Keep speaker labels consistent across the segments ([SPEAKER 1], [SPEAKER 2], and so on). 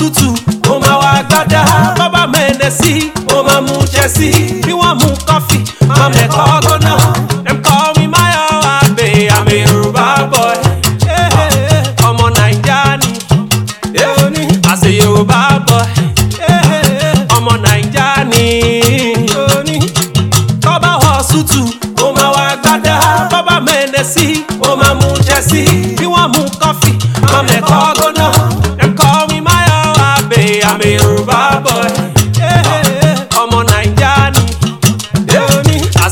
[SPEAKER 1] tútù ó máa wá gbádá bábà mẹ́ẹ̀dẹ̀ sí ó máa mú jẹ sí bí wọ́n mú kọfí máa mẹ́kọ́ gbóná dem call me Mayo I'm a Yorùbá boy ọmọ Naija ni as a Yorùbá boy ọmọ Naija ni tọ́ba hàn tútù ó máa wá gbádá bábà mẹ́ẹ̀dẹ̀ sí ó máa mú jẹ sí bí wọ́n mú kọfí máa mẹ́kọ́ gbóná.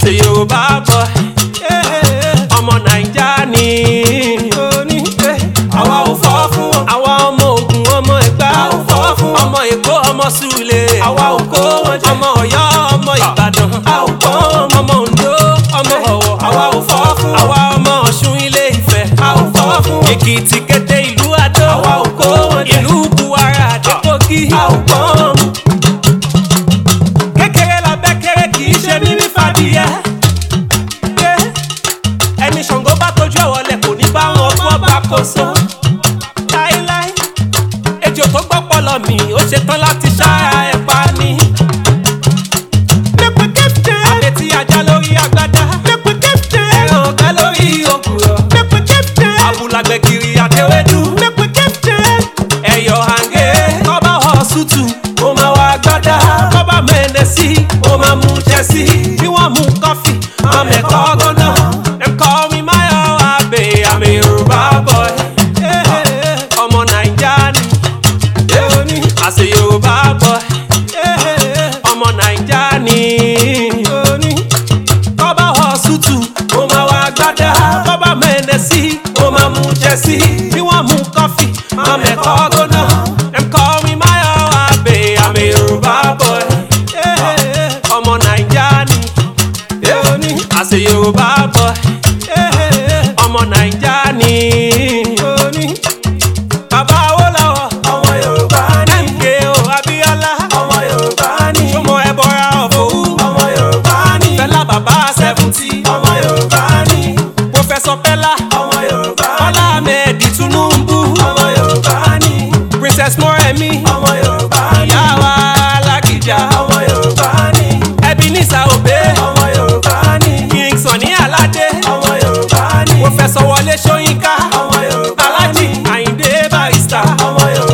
[SPEAKER 1] ṣe Yorùbá bọ̀ ọmọ Naija ni àwa ò fọ́ fún wọn. àwa ọmọ Ògùn ọmọ Ẹ̀gbá ọmọ Èkó ọmọ Sùlè àwa ò kó wọn jẹ ọmọ Ọ̀yọ́. kò sọ láéláé ejò tó gbọ́pọ̀lọ mi ó ṣetán láti ṣá ẹ ni. lẹ́pẹ̀ ajá lórí agbádá. ẹ̀rọ ọ̀gá lórí òkúrọ̀. lẹ́pẹ̀ kiri àtẹwédú. lẹ́pẹ̀ kẹ́fẹ́. ẹ̀yọ̀ hàngé kọ́bá ọ̀ṣútù ó máa wá agbádá. kọ́bá mẹ́ẹ̀ẹ́dẹ́sí ó máa mú jẹ́sí bí wọ́n mú dey see you wan mu coffee ma mẹ́kọ́ gbóná dem call me my mayo abe i'm a yoruba boy ọmọ naija ni èèyàn ní àṣẹ yoruba boy ọmọ naija ni. moją